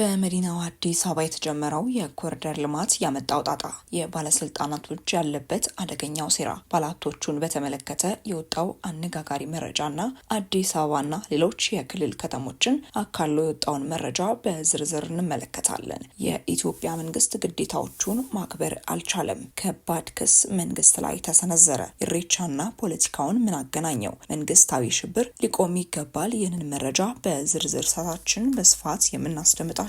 በመዲናው አዲስ አበባ የተጀመረው የኮሪደር ልማት ያመጣው ጣጣ፣ የባለስልጣናቶች ያለበት አደገኛው ሴራ፣ ባለሀብቶቹን በተመለከተ የወጣው አነጋጋሪ መረጃና አዲስ አበባና ሌሎች የክልል ከተሞችን አካሎ የወጣውን መረጃ በዝርዝር እንመለከታለን። የኢትዮጵያ መንግስት ግዴታዎቹን ማክበር አልቻለም። ከባድ ክስ መንግስት ላይ ተሰነዘረ። ኢሬቻና ፖለቲካውን ምን አገናኘው? መንግስታዊ ሽብር ሊቆም ይገባል። ይህንን መረጃ በዝርዝር ሰታችን በስፋት የምናስደምጣ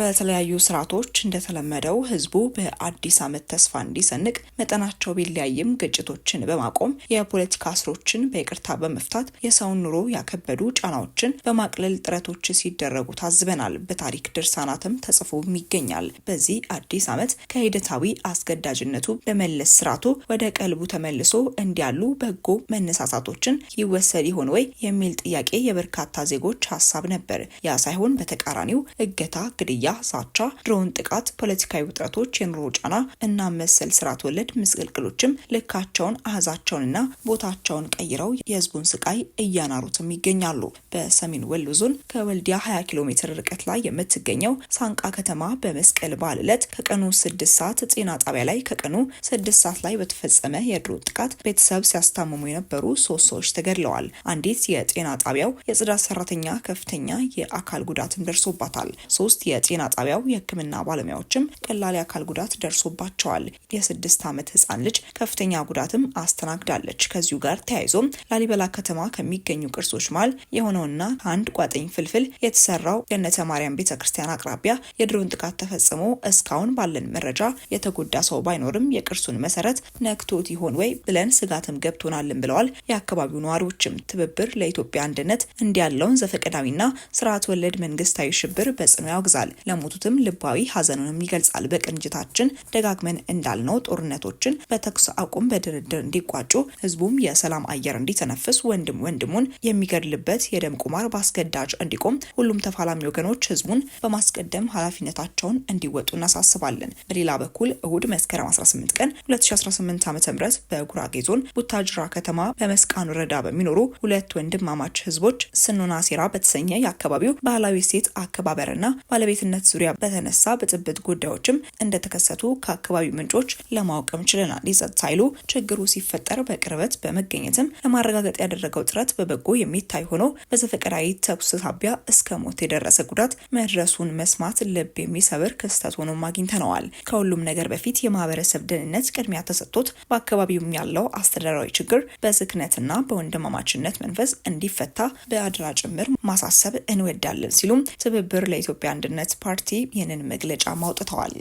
በተለያዩ ስርዓቶች እንደተለመደው ህዝቡ በአዲስ ዓመት ተስፋ እንዲሰንቅ መጠናቸው ቢለያይም ግጭቶችን በማቆም የፖለቲካ እስሮችን በይቅርታ በመፍታት የሰውን ኑሮ ያከበዱ ጫናዎችን በማቅለል ጥረቶች ሲደረጉ ታዝበናል። በታሪክ ድርሳናትም ተጽፎም ይገኛል። በዚህ አዲስ ዓመት ከሂደታዊ አስገዳጅነቱ በመለስ ስርዓቱ ወደ ቀልቡ ተመልሶ እንዲያሉ በጎ መነሳሳቶችን ይወሰድ ይሆን ወይ የሚል ጥያቄ የበርካታ ዜጎች ሀሳብ ነበር። ያ ሳይሆን በተቃራኒው እገታ፣ ግድያ ግድያ፣ ሳቻ፣ ድሮን ጥቃት፣ ፖለቲካዊ ውጥረቶች፣ የኑሮ ጫና እና መሰል ስርዓት ወለድ ምስቅልቅሎችም ልካቸውን አህዛቸውንና ቦታቸውን ቀይረው የህዝቡን ስቃይ እያናሩትም ይገኛሉ። በሰሜን ወሎ ዞን ከወልዲያ 20 ኪሎ ሜትር ርቀት ላይ የምትገኘው ሳንቃ ከተማ በመስቀል በዓል ዕለት ከቀኑ ስድስት ሰዓት ጤና ጣቢያ ላይ ከቀኑ ስድስት ሰዓት ላይ በተፈጸመ የድሮን ጥቃት ቤተሰብ ሲያስታምሙ የነበሩ ሶስት ሰዎች ተገድለዋል። አንዲት የጤና ጣቢያው የጽዳት ሰራተኛ ከፍተኛ የአካል ጉዳትም ደርሶባታል። ሶስት የጤና በጤና ጣቢያው የህክምና ባለሙያዎችም ቀላል የአካል ጉዳት ደርሶባቸዋል። የስድስት ዓመት ህፃን ልጅ ከፍተኛ ጉዳትም አስተናግዳለች። ከዚሁ ጋር ተያይዞ ላሊበላ ከተማ ከሚገኙ ቅርሶች መሃል የሆነውና ከአንድ ቋጥኝ ፍልፍል የተሰራው ገነተ ማርያም ቤተ ክርስቲያን አቅራቢያ የድሮን ጥቃት ተፈጽሞ እስካሁን ባለን መረጃ የተጎዳ ሰው ባይኖርም የቅርሱን መሰረት ነክቶት ይሆን ወይ ብለን ስጋትም ገብቶናልን ብለዋል። የአካባቢው ነዋሪዎችም ትብብር ለኢትዮጵያ አንድነት እንዲያለውን ዘፈቀዳዊና ስርዓት ወለድ መንግስታዊ ሽብር በጽኑ ያወግዛል። ለሞቱትም ልባዊ ሐዘኑንም ይገልጻል። በቅንጅታችን ደጋግመን እንዳልነው ጦርነቶችን በተኩስ አቁም በድርድር እንዲቋጩ ህዝቡም የሰላም አየር እንዲተነፍስ ወንድም ወንድሙን የሚገድልበት የደም ቁማር በአስገዳጅ እንዲቆም ሁሉም ተፋላሚ ወገኖች ህዝቡን በማስቀደም ኃላፊነታቸውን እንዲወጡ እናሳስባለን። በሌላ በኩል እሁድ መስከረም 18 ቀን 2018 ዓ ም በጉራጌ ዞን ቡታጅራ ከተማ በመስቃን ወረዳ በሚኖሩ ሁለት ወንድማማች ህዝቦች ስኑና ሴራ በተሰኘ የአካባቢው ባህላዊ ሴት አከባበርና ባለቤትነት ደህንነት ዙሪያ በተነሳ ብጥብጥ ጉዳዮችም እንደተከሰቱ ከአካባቢው ምንጮች ለማወቅም ችለናል። የጸጥታ ኃይሉ ችግሩ ሲፈጠር በቅርበት በመገኘትም ለማረጋገጥ ያደረገው ጥረት በበጎ የሚታይ ሆኖ በዘፈቀዳዊ ተኩስ ሳቢያ እስከ ሞት የደረሰ ጉዳት መድረሱን መስማት ልብ የሚሰብር ክስተት ሆኖ አግኝተነዋል። ከሁሉም ነገር በፊት የማህበረሰብ ደህንነት ቅድሚያ ተሰጥቶት በአካባቢውም ያለው አስተዳደራዊ ችግር በዝክነትና በወንድማማችነት መንፈስ እንዲፈታ በአድራ ጭምር ማሳሰብ እንወዳለን ሲሉም ትብብር ለኢትዮጵያ አንድነት ፓርቲ ይህንን መግለጫ አውጥተዋል።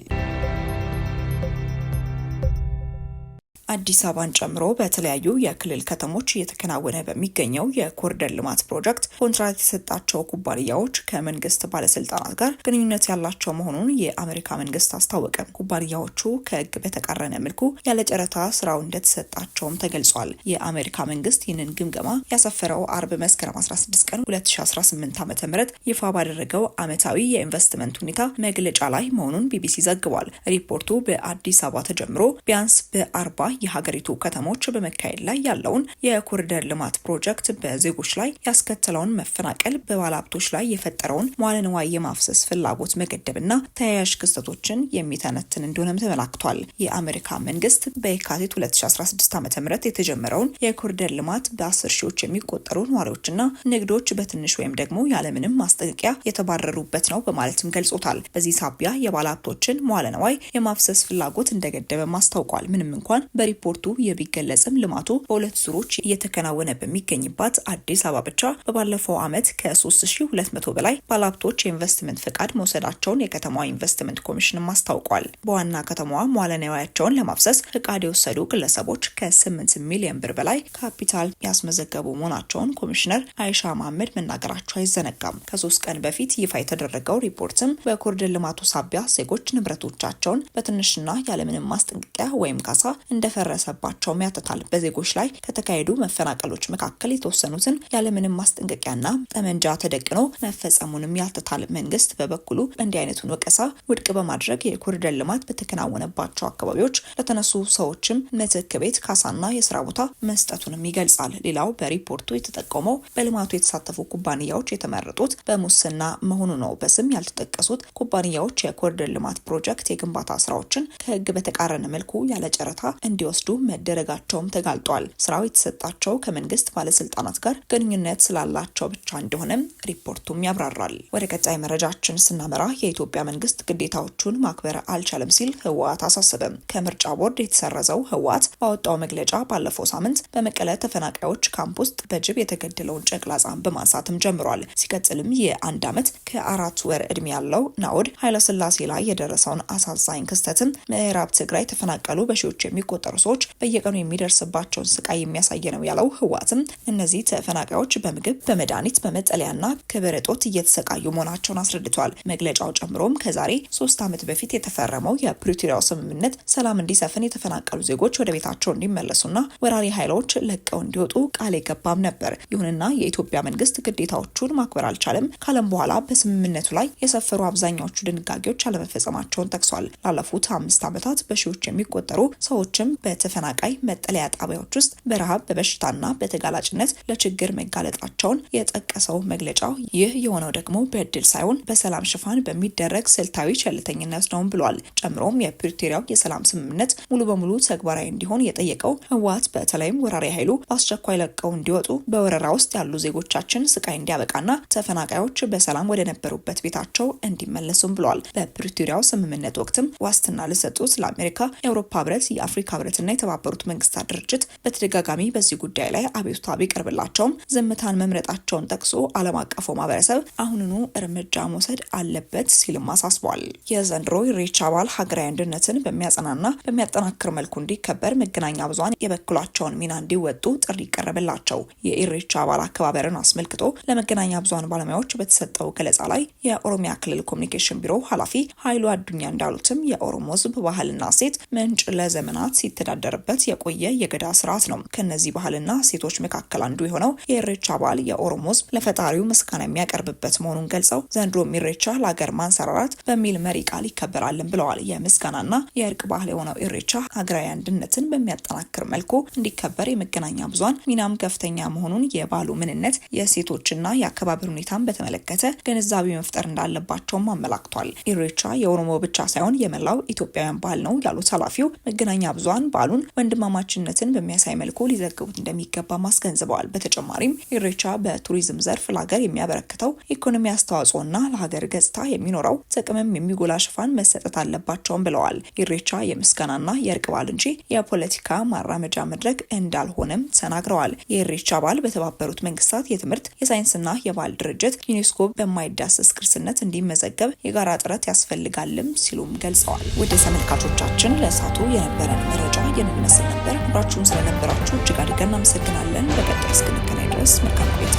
አዲስ አበባን ጨምሮ በተለያዩ የክልል ከተሞች እየተከናወነ በሚገኘው የኮሪደር ልማት ፕሮጀክት ኮንትራት የተሰጣቸው ኩባንያዎች ከመንግስት ባለስልጣናት ጋር ግንኙነት ያላቸው መሆኑን የአሜሪካ መንግስት አስታወቀ። ኩባንያዎቹ ከህግ በተቃረነ መልኩ ያለ ጨረታ ስራው እንደተሰጣቸውም ተገልጿል። የአሜሪካ መንግስት ይህንን ግምገማ ያሰፈረው አርብ መስከረም 16 ቀን 2018 ዓ ም ይፋ ባደረገው አመታዊ የኢንቨስትመንት ሁኔታ መግለጫ ላይ መሆኑን ቢቢሲ ዘግቧል። ሪፖርቱ በአዲስ አበባ ተጀምሮ ቢያንስ በአርባ የሀገሪቱ ከተሞች በመካሄድ ላይ ያለውን የኮሪደር ልማት ፕሮጀክት በዜጎች ላይ ያስከተለውን መፈናቀል፣ በባለሀብቶች ላይ የፈጠረውን መዋለንዋይ የማፍሰስ ፍላጎት መገደብና ተያያዥ ክስተቶችን የሚተነትን እንደሆነም ተመላክቷል። የአሜሪካ መንግስት በየካቲት 2016 ዓ ም የተጀመረውን የኮሪደር ልማት በአስር ሺዎች የሚቆጠሩ ነዋሪዎችና ንግዶች በትንሽ ወይም ደግሞ ያለምንም ማስጠንቀቂያ የተባረሩበት ነው በማለትም ገልጾታል። በዚህ ሳቢያ የባለሀብቶችን መዋለንዋይ የማፍሰስ ፍላጎት እንደገደበም አስታውቋል። ምንም እንኳን በሪ በሪፖርቱ የቢገለጽም ልማቱ በሁለት ዙሮች እየተከናወነ በሚገኝባት አዲስ አበባ ብቻ በባለፈው ዓመት ከ3200 በላይ ባለሀብቶች የኢንቨስትመንት ፈቃድ መውሰዳቸውን የከተማዋ ኢንቨስትመንት ኮሚሽንም አስታውቋል። በዋና ከተማዋ መዋለ ንዋያቸውን ለማፍሰስ ፈቃድ የወሰዱ ግለሰቦች ከ8 ሚሊዮን ብር በላይ ካፒታል ያስመዘገቡ መሆናቸውን ኮሚሽነር አይሻ መሐመድ መናገራቸው አይዘነጋም። ከሶስት ቀን በፊት ይፋ የተደረገው ሪፖርትም በኮሪደር ልማቱ ሳቢያ ዜጎች ንብረቶቻቸውን በትንሽና ያለምንም ማስጠንቀቂያ ወይም ካሳ እንደፈ እንደደረሰባቸውም ያትታል። በዜጎች ላይ ከተካሄዱ መፈናቀሎች መካከል የተወሰኑትን ያለምንም ማስጠንቀቂያና ጠመንጃ ተደቅኖ መፈጸሙንም ያትታል። መንግስት በበኩሉ እንዲህ አይነቱን ወቀሳ ውድቅ በማድረግ የኮሪደር ልማት በተከናወነባቸው አካባቢዎች ለተነሱ ሰዎችም ምትክ ቤት፣ ካሳና የስራ ቦታ መስጠቱንም ይገልጻል። ሌላው በሪፖርቱ የተጠቆመው በልማቱ የተሳተፉ ኩባንያዎች የተመረጡት በሙስና መሆኑ ነው። በስም ያልተጠቀሱት ኩባንያዎች የኮሪደር ልማት ፕሮጀክት የግንባታ ስራዎችን ከህግ በተቃረነ መልኩ ያለ ጨረታ እንዲወ እንዲወስዱ መደረጋቸውም ተጋልጧል። ስራው የተሰጣቸው ከመንግስት ባለስልጣናት ጋር ግንኙነት ስላላቸው ብቻ እንደሆነም ሪፖርቱም ያብራራል። ወደ ቀጣይ መረጃችን ስናመራ የኢትዮጵያ መንግስት ግዴታዎቹን ማክበር አልቻለም ሲል ህወሓት አሳሰበም። ከምርጫ ቦርድ የተሰረዘው ህወሓት ባወጣው መግለጫ ባለፈው ሳምንት በመቀለ ተፈናቃዮች ካምፕ ውስጥ በጅብ የተገደለውን ጨቅላ ሕጻን በማንሳትም ጀምሯል። ሲቀጥልም የአንድ ዓመት ከአራት ወር እድሜ ያለው ናኦድ ኃይለስላሴ ላይ የደረሰውን አሳዛኝ ክስተትም ምዕራብ ትግራይ ተፈናቀሉ በሺዎች የሚቆጠሩ ሰዎች በየቀኑ የሚደርስባቸውን ስቃይ የሚያሳይ ነው ያለው ህወሓትም እነዚህ ተፈናቃዮች በምግብ በመድኃኒት በመጠለያና ክብር እጦት እየተሰቃዩ መሆናቸውን አስረድቷል። መግለጫው ጨምሮም ከዛሬ ሶስት ዓመት በፊት የተፈረመው የፕሪቶሪያው ስምምነት ሰላም እንዲሰፍን የተፈናቀሉ ዜጎች ወደ ቤታቸው እንዲመለሱና ወራሪ ኃይሎች ለቀው እንዲወጡ ቃል የገባም ነበር። ይሁንና የኢትዮጵያ መንግስት ግዴታዎቹን ማክበር አልቻለም ካለም በኋላ በስምምነቱ ላይ የሰፈሩ አብዛኛዎቹ ድንጋጌዎች አለመፈጸማቸውን ጠቅሷል። ላለፉት አምስት ዓመታት በሺዎች የሚቆጠሩ ሰዎችም በተፈናቃይ መጠለያ ጣቢያዎች ውስጥ በረሃብ በበሽታና በተጋላጭነት ለችግር መጋለጣቸውን የጠቀሰው መግለጫው ይህ የሆነው ደግሞ በእድል ሳይሆን በሰላም ሽፋን በሚደረግ ስልታዊ ቸልተኝነት ነው ብሏል። ጨምሮም የፕሪቶሪያው የሰላም ስምምነት ሙሉ በሙሉ ተግባራዊ እንዲሆን የጠየቀው ህወሓት በተለይም ወራሪ ኃይሉ በአስቸኳይ ለቀው እንዲወጡ፣ በወረራ ውስጥ ያሉ ዜጎቻችን ስቃይ እንዲያበቃና ተፈናቃዮች በሰላም ወደ ነበሩበት ቤታቸው እንዲመለሱም ብሏል። በፕሪቶሪያው ስምምነት ወቅትም ዋስትና ለሰጡት ለአሜሪካ፣ የአውሮፓ ህብረት፣ የአፍሪካ ህብረት ህብረትና የተባበሩት መንግስታት ድርጅት በተደጋጋሚ በዚህ ጉዳይ ላይ አቤቱታ ቢቀርብላቸውም ዝምታን መምረጣቸውን ጠቅሶ ዓለም አቀፉ ማህበረሰብ አሁኑኑ እርምጃ መውሰድ አለበት ሲልም አሳስቧል። የዘንድሮ ኢሬቻ በዓል ሀገራዊ አንድነትን በሚያጸናና በሚያጠናክር መልኩ እንዲከበር መገናኛ ብዙሃን የበኩላቸውን ሚና እንዲወጡ ጥሪ ይቀረብላቸው። የኢሬቻ በዓል አከባበርን አስመልክቶ ለመገናኛ ብዙሃን ባለሙያዎች በተሰጠው ገለጻ ላይ የኦሮሚያ ክልል ኮሚኒኬሽን ቢሮ ኃላፊ ኃይሉ አዱኛ እንዳሉትም የኦሮሞ ህዝብ ባህልና ሴት ምንጭ ለዘመናት ሲተ የሚተዳደርበት የቆየ የገዳ ስርዓት ነው። ከነዚህ ባህልና ሴቶች መካከል አንዱ የሆነው የኢሬቻ በዓል የኦሮሞ ህዝብ ለፈጣሪው ምስጋና የሚያቀርብበት መሆኑን ገልጸው ዘንድሮም ኢሬቻ ለሀገር ማንሰራራት በሚል መሪ ቃል ይከበራልን ብለዋል። የምስጋናና የእርቅ ባህል የሆነው ኢሬቻ ሀገራዊ አንድነትን በሚያጠናክር መልኩ እንዲከበር የመገናኛ ብዙሃን ሚናም ከፍተኛ መሆኑን የባህሉ ምንነት፣ የሴቶችና የአከባበር ሁኔታን በተመለከተ ግንዛቤ መፍጠር እንዳለባቸውም አመላክቷል። ኢሬቻ የኦሮሞ ብቻ ሳይሆን የመላው ኢትዮጵያውያን ባህል ነው ያሉት ኃላፊው መገናኛ ብዙሃን በዓሉን ወንድማማችነትን በሚያሳይ መልኩ ሊዘግቡት እንደሚገባ አስገንዝበዋል። በተጨማሪም ኢሬቻ በቱሪዝም ዘርፍ ለሀገር የሚያበረክተው ኢኮኖሚ አስተዋጽኦና ለሀገር ገጽታ የሚኖረው ጥቅምም የሚጎላ ሽፋን መሰጠት አለባቸውም ብለዋል። ኢሬቻ የምስጋናና የእርቅ በዓል እንጂ የፖለቲካ ማራመጃ መድረክ እንዳልሆነም ተናግረዋል። የኢሬቻ በዓል በተባበሩት መንግስታት የትምህርት የሳይንስና የባህል ድርጅት ዩኔስኮ በማይዳሰስ ቅርስነት እንዲመዘገብ የጋራ ጥረት ያስፈልጋልም ሲሉም ገልጸዋል። ወደ ተመልካቾቻችን ለእሳቱ የነበረን መረጃ ይህንን ይመስል ነበር። አብራችሁን ስለነበራችሁ እጅግ አድርገን እናመሰግናለን። በቀጣይ እስክንገናኝ ድረስ መልካም ቆይታ።